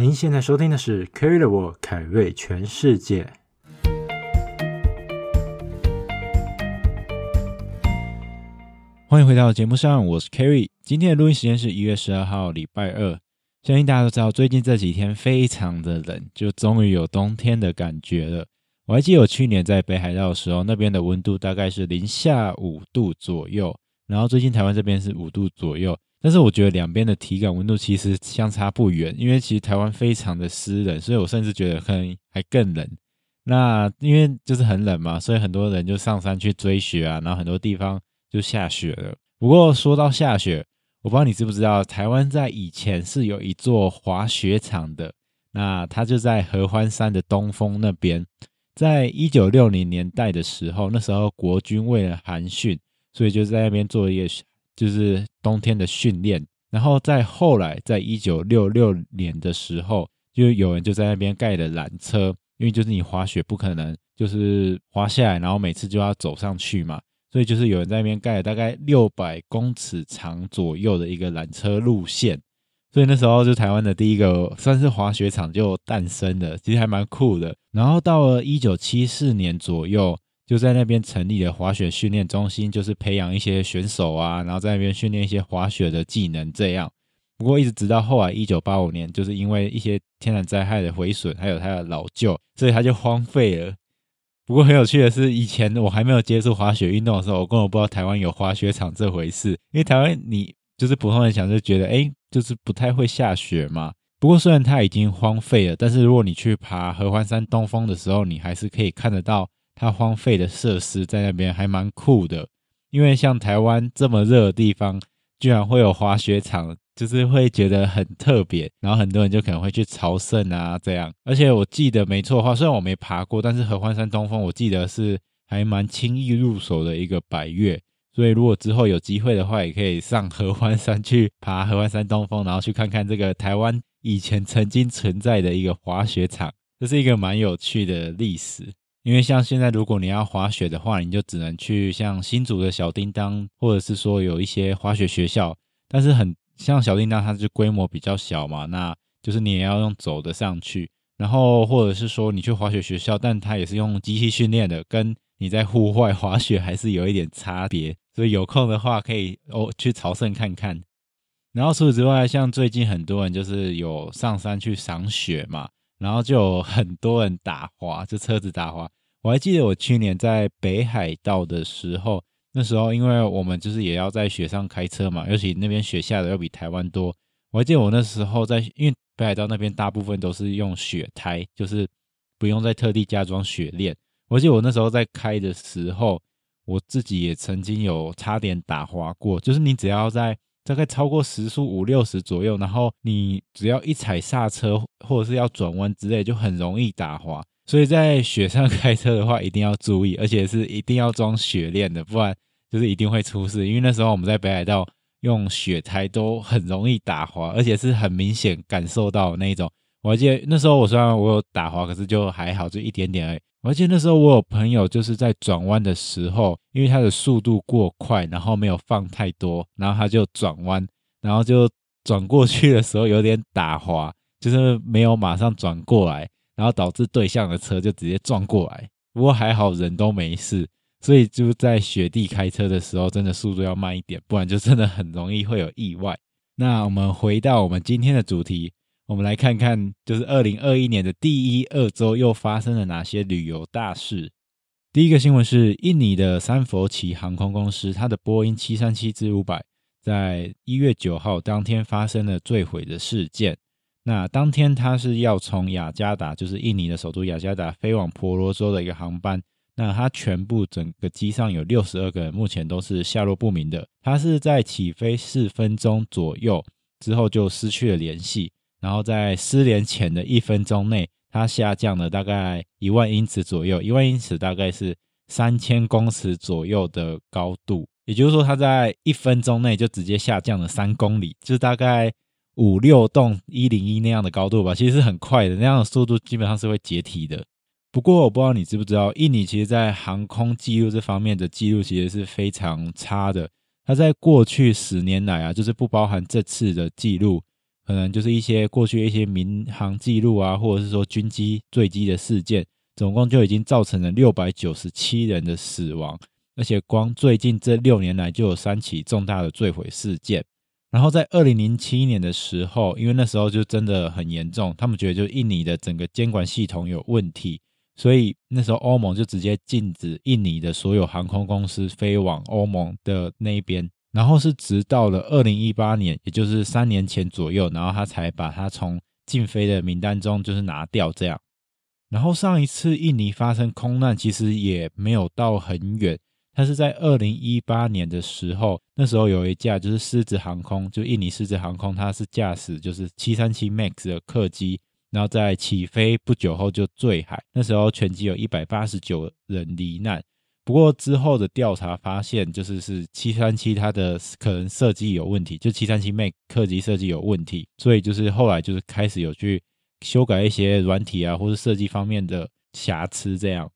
您現在收聽的是《Kerry the World》，凱瑞全世界。歡迎回到節目上，我是 Kerry。今天的錄音時間是一月十二號，禮拜二。相信大家都知道，最近這幾天非常的冷，就終於有冬天的感覺了。我還記得我去年在北海道的時候，那邊的溫度大概是零下五度左右。然後最近台灣這邊是五度左右，但是我覺得兩邊的體感溫度其實相差不遠，因為其實台灣非常的濕冷，所以我甚至覺得可能還更冷。那因為就是很冷嘛，所以很多人就上山去追雪啊，然後很多地方就下雪了。不過說到下雪，我不知道你知不知道，台灣在以前是有一座滑雪場的，那它就在合歡山的東峰那邊，在一九六零年代的時候，那時候國軍為了寒訓。所以就在那邊做一，就是冬天的訓練，然後在後來，在一九六六年的時候，就有人就在那邊蓋了纜車，因為就是你滑雪不可能就是滑下來，然後每次就要走上去嘛，所以就是有人在那邊蓋了大概六百公尺長左右的一個纜車路線，所以那時候就台灣的第一個算是滑雪場就誕生的，其實還蠻酷的。然後到了一九七四年左右。就在那邊成立了滑雪訓練中心，就是培養一些選手啊，然後在那邊訓練一些滑雪的技能這樣。不過一直直到後來一九八五年，就是因為一些天然災害的毀損，還有它的老舊，所以它就荒廢了。不過很有趣的是，以前我還沒有接觸滑雪運動的時候，我根本不知道台灣有滑雪場這回事。因為台灣你就是普通人想就覺得，哎、欸，就是不太會下雪嘛。不過雖然它已經荒廢了，但是如果你去爬合歡山東峰的時候，你還是可以看得到。它荒廢的設施在那邊，還蠻酷的，因為像台灣這麼熱的地方，居然會有滑雪場，就是會覺得很特別。然後很多人就可能會去朝聖啊，這樣。而且我記得沒錯的話，雖然我沒爬過，但是合歡山東峰，我記得是還蠻輕易入手的一個百岳。所以如果之後有機會的話，也可以上合歡山去爬合歡山東峰，然後去看看這個台灣以前曾經存在的一個滑雪場，這是一個蠻有趣的歷史。因為像現在，如果你要滑雪的話，你就只能去像新竹的小叮當，或者是說有一些滑雪學校。但是很像小叮當，它就規模比較小嘛，那就是你也要用走的上去。然後或者是說你去滑雪學校，但它也是用機器訓練的，跟你在戶外滑雪還是有一點差別。所以有空的話可以哦去朝聖看看。然後除此之外，像最近很多人就是有上山去賞雪嘛，然後就有很多人打滑，就車子打滑。我還記得我去年在北海道的時候，那時候因為我們就是也要在雪上開車嘛，尤其那邊雪下的要比台灣多。我還記得我那時候在，因為北海道那邊大部分都是用雪胎，就是不用再特地加裝雪鏈。我記得我那時候在開的時候，我自己也曾經有差點打滑過，就是你只要在大概超過時速五六十左右，然後你只要一踩剎車或者是要轉彎之類，就很容易打滑。所以在雪上開車的話，一定要注意，而且是一定要裝雪鏈的，不然就是一定會出事。因為那時候我們在北海道用雪胎都很容易打滑，而且是很明顯感受到那一種。我還記得那時候我雖然我有打滑，可是就還好，就一點點而已。而且那時候我有朋友就是在轉彎的時候，因為他的速度過快，然後沒有放太多，然後他就轉彎，然後就轉過去的時候有點打滑，就是沒有馬上轉過來。然後導致對向的車就直接撞過來，不過還好人都沒事，所以就在雪地開車的時候，真的速度要慢一點，不然就真的很容易會有意外。那我們回到我們今天的主題，我們來看看就是二零二一年的第一二周又發生了哪些旅遊大事。第一個新聞是印尼的三佛齊航空公司，它的波音七三七之五百在一月九號當天發生了墜毀的事件。那當天他是要從雅加達，就是印尼的首都雅加達飛往婆羅洲的一個航班。那他全部整個機上有六十二個人，目前都是下落不明的。他是在起飛四分鐘左右之後就失去了聯繫，然後在失聯前的一分鐘內，他下降了大概一萬英尺左右。一萬英尺大概是三千公尺左右的高度，也就是說，他在一分鐘內就直接下降了三公里，就大概。五六棟一零一那樣的高度吧，其實是很快的。那樣的速度基本上是會解體的。不過我不知道你知不知道，印尼其實，在航空記錄這方面的記錄，其實是非常差的。它在過去十年來啊，就是不包含這次的記錄，可能就是一些過去一些民航記錄啊，或者是說軍機墜機的事件，總共就已經造成了六百九十七人的死亡。而且光最近這六年來，就有三起重大的墜毀事件。然後在二零零七年的時候，因為那時候就真的很嚴重，他們覺得就印尼的整個監管系統有問題，所以那時候歐盟就直接禁止印尼的所有航空公司飛往歐盟的那邊。然後是直到了二零一八年，也就是三年前左右，然後他才把它從禁飛的名單中就是拿掉這樣。然後上一次印尼發生空難，其實也沒有到很遠。它是在二零一八年的時候，那時候有一架就是獅子航空，就印尼獅子航空，它是駕駛就是七三七 MAX 的客機，然後在起飛不久後就墜海。那時候全機有一百八十九人罹難。不過之後的調查發現，就是是七三七它的可能設計有問題，就七三七 MAX 客機設計有問題，所以就是後來就是開始有去修改一些軟體啊，或者設計方面的瑕疵這樣。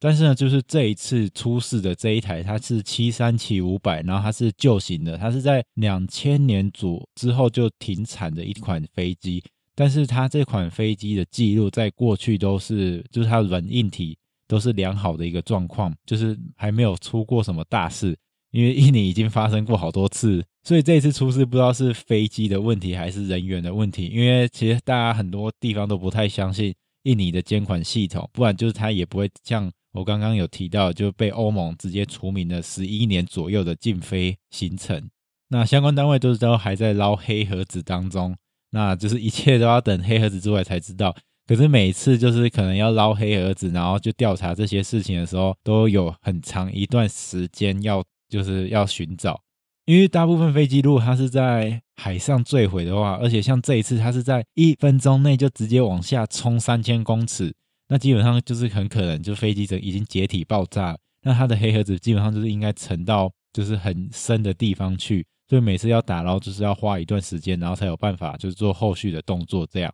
但是呢，就是這一次出事的這一台，它是七三七五百，然後它是舊型的，它是在兩千年左右之後就停產的一款飛機。但是它這款飛機的記錄在過去都是，就是它軟硬體都是良好的一個狀況，就是還沒有出過什麼大事。因為印尼已經發生過好多次，所以這一次出事不知道是飛機的問題還是人員的問題。因為其實大家很多地方都不太相信印尼的監管系統，不然就是它也不會像。我剛剛有提到，就被歐盟直接除名了十一年左右的禁飛行程。那相關單位都知都還在撈黑盒子當中，那就是一切都要等黑盒子出來才知道。可是每一次就是可能要撈黑盒子，然後就調查這些事情的時候，都有很長一段時間要就是要尋找，因為大部分飛機如果它是在海上墜毀的話，而且像這一次它是在一分鐘內就直接往下衝三千公尺。那基本上就是很可能，就飛機整個已經解體爆炸。那它的黑盒子基本上就是應該沉到就是很深的地方去，所以每次要打撈就是要花一段時間，然後才有辦法就是做後續的動作這樣。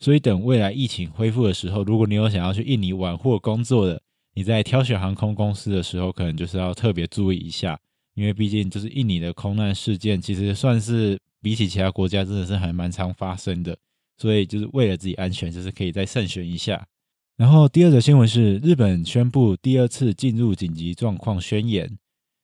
所以等未來疫情恢復的時候，如果你有想要去印尼玩或工作的，你在挑選航空公司的時候，可能就是要特別注意一下，因為畢竟就是印尼的空難事件其實算是比起其他國家真的是還蠻常發生的，所以就是為了自己安全，就是可以再慎選一下。然後，第二則新聞是日本宣布第二次進入緊急狀況宣言。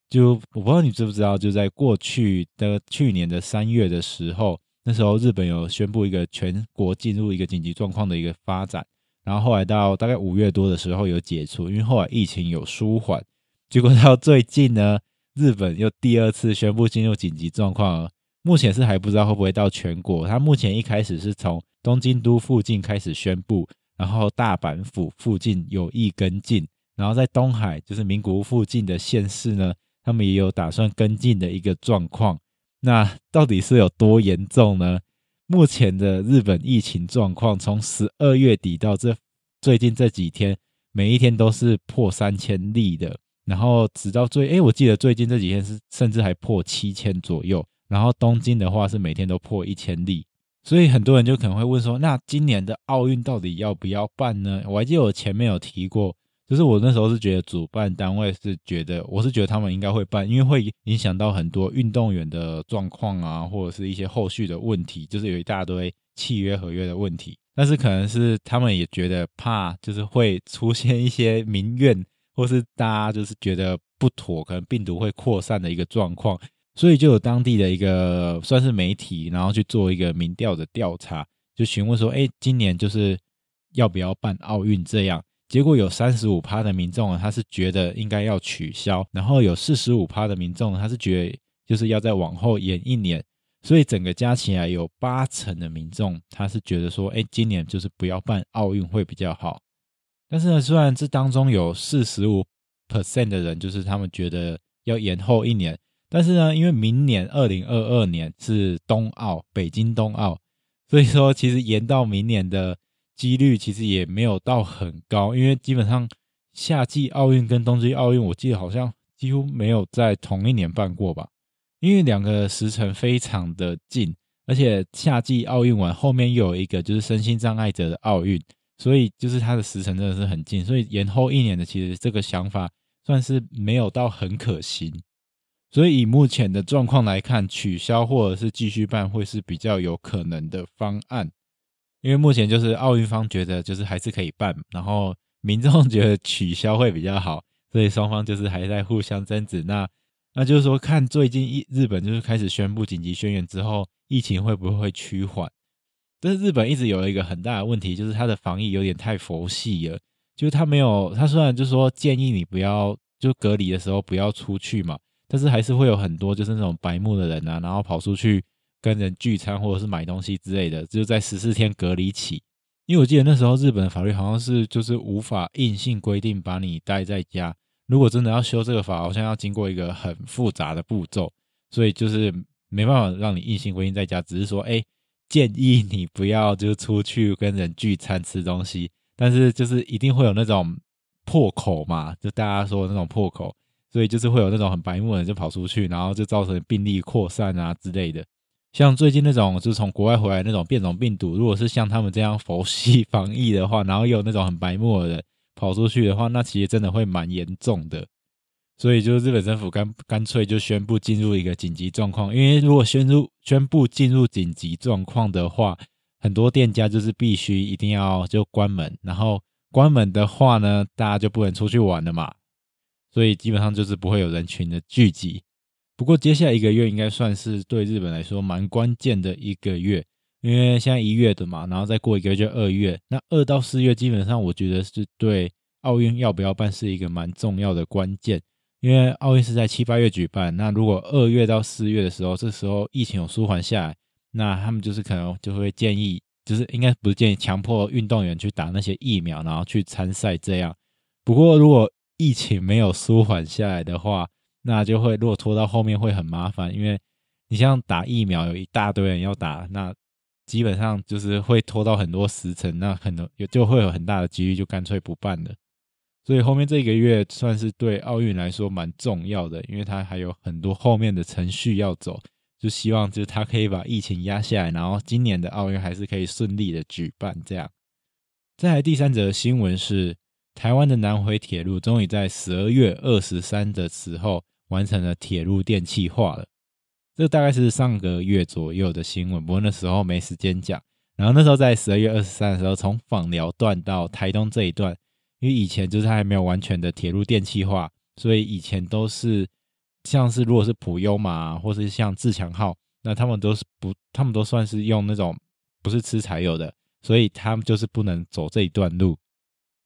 就我不知道你知不知道，就在過去的去年的三月的時候，那時候日本有宣布一個全國進入一個緊急狀況的一個發展。然後後來到大概五月多的時候有解除，因為後來疫情有舒緩。結果到最近呢，日本又第二次宣布進入緊急狀況。目前是還不知道會不會到全國。它目前一開始是從東京都附近開始宣布。然後大阪府附近有意跟進，然後在東海，就是名古屋附近的縣市呢，他們也有打算跟進的一個狀況。那到底是有多嚴重呢？目前的日本疫情狀況，從十二月底到這最近這幾天，每一天都是破三千例的，然後直到最，哎，我記得最近這幾天是甚至還破七千左右。然後東京的話是每天都破一千例。所以很多人就可能會問說：“那今年的奧運到底要不要辦呢？”我還記得我前面有提過，就是我那時候是覺得主辦單位是覺得，我是覺得他們應該會辦，因為會影響到很多運動員的狀況啊，或者是一些後續的問題，就是有一大堆契約合約的問題。但是可能是他們也覺得怕，就是會出現一些民怨，或是大家就是覺得不妥，可能病毒會擴散的一個狀況。所以就有當地的一個算是媒體，然後去做一個民調的調查，就詢問說：“欸，今年就是要不要辦奧運？”這樣。結果有三十五趴的民眾呢，他是覺得應該要取消；然後有四十五趴的民眾，他是覺得就是要再往後延一年。所以整個加起來有八成的民眾，他是覺得說：“欸，今年就是不要辦奧運會比較好。”但是呢，雖然這當中有四十五 percent 的人，就是他們覺得要延後一年。但是呢，因為明年二零二二年是冬奧，北京冬奧，所以說其實延到明年的幾率其實也沒有到很高，因為基本上夏季奧運跟冬季奧運，我記得好像幾乎沒有在同一年辦過吧，因為兩個時程非常的近，而且夏季奧運完後面又有一個就是身心障礙者的奧運，所以就是它的時程真的是很近，所以延後一年的其實這個想法算是沒有到很可行。所以，以目前的狀況來看，取消或者是繼續辦，會是比較有可能的方案。因為目前就是奧運方覺得就是還是可以辦，然後民眾覺得取消會比較好，所以雙方就是還在互相爭執。那那就是說，看最近一日本就是開始宣布緊急宣言之後，疫情會不會趨緩？但是日本一直有了一個很大的問題，就是他的防疫有點太佛系了，就是他沒有，他雖然就是說建議你不要就隔離的時候不要出去嘛。但是還是會有很多就是那種白目的人啊，然後跑出去跟人聚餐或者是買東西之類的，就在十四天隔離期。因為我記得那時候日本的法律好像是就是無法硬性規定把你待在家。如果真的要修這個法，好像要經過一個很複雜的步驟，所以就是沒辦法讓你硬性規定在家，只是說哎、欸、建議你不要就是出去跟人聚餐吃東西。但是就是一定會有那種破口嘛，就大家說的那種破口。對，所以就是會有那種很白目的人就跑出去，然後就造成病例擴散啊之類的。像最近那種就是從國外回來那種變種病毒，如果是像他們這樣佛系防疫的話，然後又有那種很白目的人跑出去的話，那其實真的會蠻嚴重的。所以就是日本政府乾乾脆就宣布進入一個緊急狀況，因為如果宣入宣布進入緊急狀況的話，很多店家就是必須一定要就關門，然後關門的話呢，大家就不能出去玩了嘛。所以基本上就是不會有人群的聚集。不過接下來一個月應該算是對日本來說蠻關鍵的一個月，因為現在一月的嘛，然後再過一個月就二月。那二到四月基本上我覺得是對奧運要不要辦是一個蠻重要的關鍵，因為奧運是在七八月舉辦。那如果二月到四月的時候，這時候疫情有舒緩下來，那他們就是可能就會建議，就是應該不是建議強迫運動員去打那些疫苗，然後去參賽這樣。不過如果疫情沒有舒緩下來的話，那就會如果拖到後面會很麻煩，因為你像打疫苗，有一大堆人要打，那基本上就是會拖到很多時程，那可能也就會有很大的幾率就乾脆不辦了。所以後面這個月算是對奧運來說蠻重要的，因為它還有很多後面的程序要走，就希望就是它可以把疫情壓下來，然後今年的奧運還是可以順利的舉辦。這樣，再來第三則新聞是。台灣的南迴鐵路終於在十二月二十三的時候完成了鐵路電氣化了，這大概是上個月左右的新聞，不過那時候沒時間講。然後那時候在十二月二十三的時候，從枋寮段，到台東這一段，因為以前就是還沒有完全的鐵路電氣化，所以以前都是像是如果是普悠瑪，或是像自強號，那他們都是不，他們都算是用那種不是吃柴油的，所以他們就是不能走這一段路。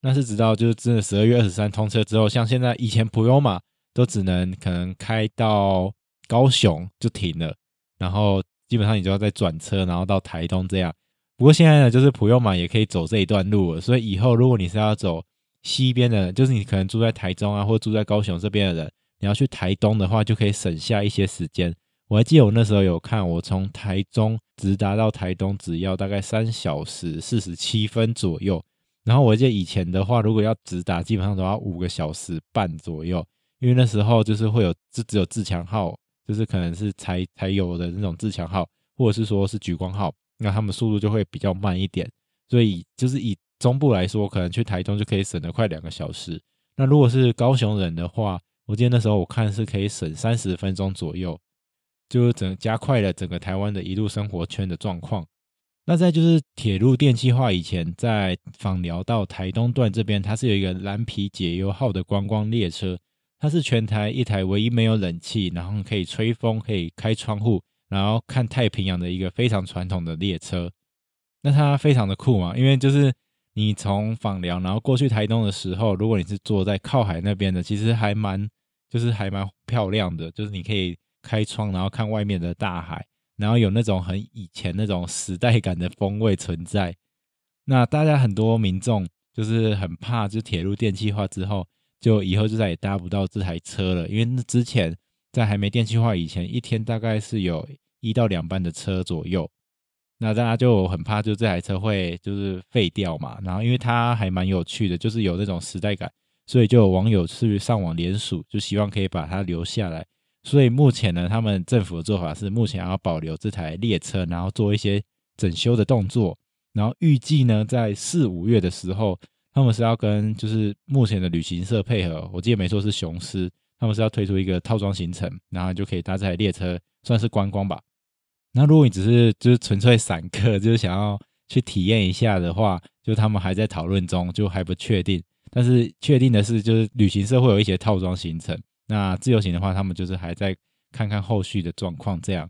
那是直到就是真的十二月二十三通車之後，像現在以前普悠瑪都只能可能開到高雄就停了，然後基本上你就要再轉車，然後到台東這樣。不過現在呢，就是普悠瑪也可以走這一段路了，所以以後如果你是要走西邊的人，就是你可能住在台中啊，或住在高雄這邊的人，你要去台東的話，就可以省下一些時間。我還記得我那時候有看，我從台中直達到台東只要大概三小時四十七分左右。然後我記得以前的話，如果要直達，基本上都要五個小時半左右，因為那時候就是會有，就只有自強號，就是可能是才才有的那種自強號，或者是說是莒光號，那他們速度就會比較慢一點，所以就是以中部來說，可能去台中就可以省得快兩個小時。那如果是高雄人的話，我記得那時候我看是可以省三十分鐘左右，就是整加快了整個台灣的一路生活圈的狀況。那在就是鐵路電氣化以前，在枋寮到台東段這邊，它是有一個藍皮解憂號的觀光列車，它是全台一台唯一沒有冷氣，然後可以吹風、可以開窗戶，然後看太平洋的一個非常傳統的列車。那它非常的酷嘛，因為就是你從枋寮然後過去台東的時候，如果你是坐在靠海那邊的，其實還蠻就是還蠻漂亮的，就是你可以開窗然後看外面的大海。然後有那種很以前那種時代感的風味存在，那大家很多民眾就是很怕，就鐵路電氣化之後，就以後就再也搭不到這台車了，因為之前在還沒電氣化以前，一天大概是有一到兩班的車左右，那大家就很怕，就這台車會就是廢掉嘛。然後因為它還蠻有趣的，就是有那種時代感，所以就有網友去上網聯署，就希望可以把它留下來。所以目前呢，他們政府的做法是目前要保留這台列車，然後做一些整修的動作。然後預計呢，在四五月的時候，他們是要跟就是目前的旅行社配合，我記得沒錯是雄獅，他們是要推出一個套裝行程，然後就可以搭這台列車，算是觀光吧。那如果你只是就是純粹散客，就是想要去體驗一下的話，就他們還在討論中，就還不確定。但是確定的是，就是旅行社會有一些套裝行程。那自由行的話，他們就是還在看看後續的狀況這樣。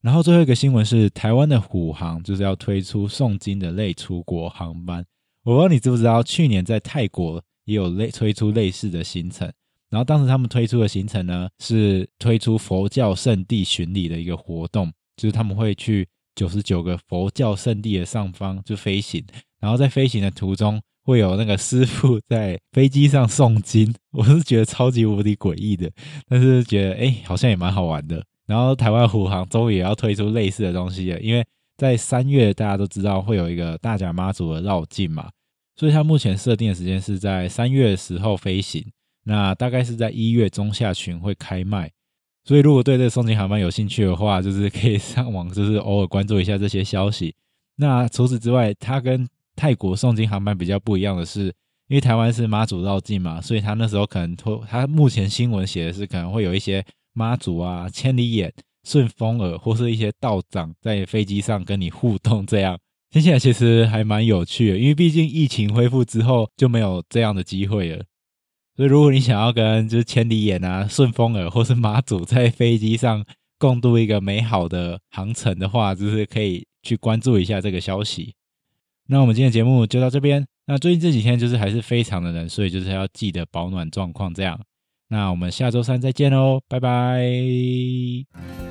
然後最後一個新聞是，台灣的虎航就是要推出誦經的類出國航班。我不知道你知不知道，去年在泰國也有類推出類似的行程。然後當時他們推出的行程呢，是推出佛教聖地巡禮的一個活動，就是他們會去九十九個佛教聖地的上方就飛行，然後在飛行的途中，會有那個師傅在飛機上誦經，我是覺得超級無敵詭異的，但是覺得誒、欸、好像也蠻好玩的。然後台灣虎航終於也要推出類似的東西了，因為在三月大家都知道會有一個大甲媽祖的繞境嘛，所以它目前設定的時間是在三月十號飛行，那大概是在一月中下旬會開賣。所以如果對這個誦經航班有興趣的話，就是可以上網，就是偶爾關注一下這些消息。那除此之外，它跟泰國誦經航班比較不一樣的是，因為台灣是媽祖繞境嘛，所以他那時候可能他目前新聞寫的是可能會有一些媽祖啊、千里眼、順風耳或是一些道長在飛機上跟你互動，這樣聽起來其實還蠻有趣的。因為畢竟疫情恢復之後就沒有這樣的機會了，所以如果你想要跟就是千里眼啊、順風耳或是媽祖在飛機上共度一個美好的航程的話，就是可以去關注一下這個消息。那我們今天的節目就到這邊。那最近這幾天就是還是非常的冷，所以就是要記得保暖狀況這樣。那我們下周三再見嘍，拜拜。